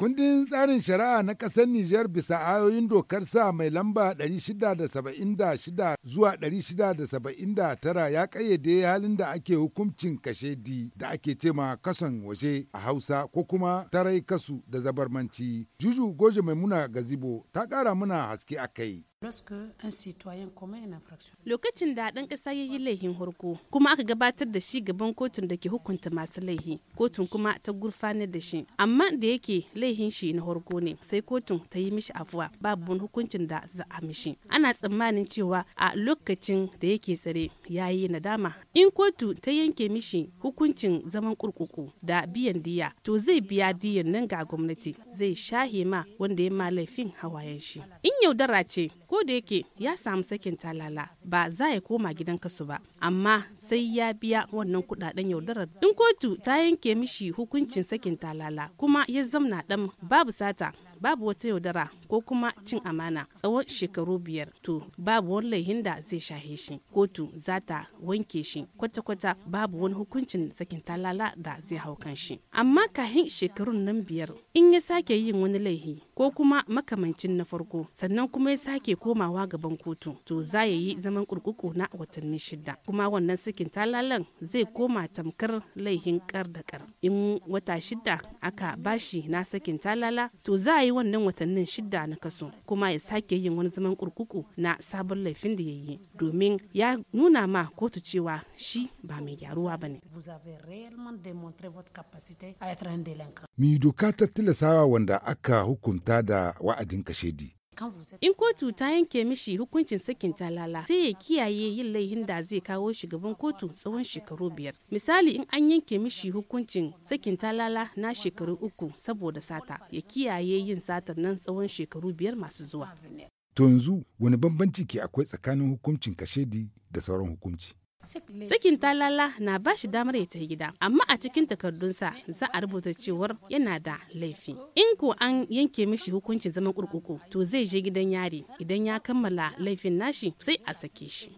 Kundin tsarin shari'a na ƙasar Nijar bisa ayoyin dokar sa mai lamba 676 zuwa 679 ya ƙayyade halin da ake hukuncin di da ake cema kason waje a Hausa ko kuma tarai kasu da zabarmanci. Juju Goje Maimuna Gazibo ta ƙara muna haske a kai. Lokacin da ɗan ƙasa ya yi laihin harko kuma aka gabatar da shi gaban kotun da ke hukunta masu laihi, kotun kuma ta gurfanar da shi. Amma da yake laihin shi na harko ne, sai kotun ta yi mishi afuwa babu wani hukuncin da za a mishi. Ana tsammanin cewa a lokacin da yake tsare ya yi nadama. In kotu ta yanke mishi hukuncin zaman kurkuku da biyan diya, to zai biya diyan nan ga gwamnati, zai shahe ma wanda ya ma laifin hawayen shi. In yaudara ce, ko da yake ya samu sakin talala ba za ya koma gidan kasu ba amma sai ya biya wannan kudaden yaudarar in kotu ta yanke mishi hukuncin sakin talala kuma ya zamna dan babu sata babu wata yaudara ko kuma cin amana tsawon shekaru biyar to babu wani laihin da zai shahe shi kotu za ta wanke shi kwata-kwata babu wani hukuncin sakin talala da zai hau kan shi amma kahin shekarun nan biyar in ya sake yin wani laihi ko kuma makamancin na farko sannan kuma ya sake komawa gaban kotu to za ya yi zaman kurkuku na watanni shida kuma wannan sakin talalan zai koma tamkar laihin kar da kar in wata shida aka bashi na sakin talala to za a yi wannan watannin shida na kaso kuma ya sake yin wani zaman kurkuku na sabon laifin da ya yi domin ya nuna ma kotu cewa shi ba mai gyaruwa ba ne. Mi doka ta tilasawa wanda aka hukunta yarda da wa'adin kashedi. In kotu ta yanke mishi hukuncin sakin talala sai ya kiyaye yin laihin da zai kawo shi gaban kotu tsawon shekaru biyar. Misali in an yanke mishi hukuncin sakin talala na shekaru uku saboda sata ya kiyaye yin satar nan tsawon shekaru biyar masu zuwa. To yanzu wani bambanci ke akwai tsakanin hukuncin kashedi da sauran hukunci? sakin talala na ba shi damar ya tafi gida, amma a cikin takardunsa za a rubuta cewar yana da laifi. In ko an yanke mishi hukuncin zaman kurkuku, to zai je gidan yari idan ya kammala laifin nashi sai a sake shi.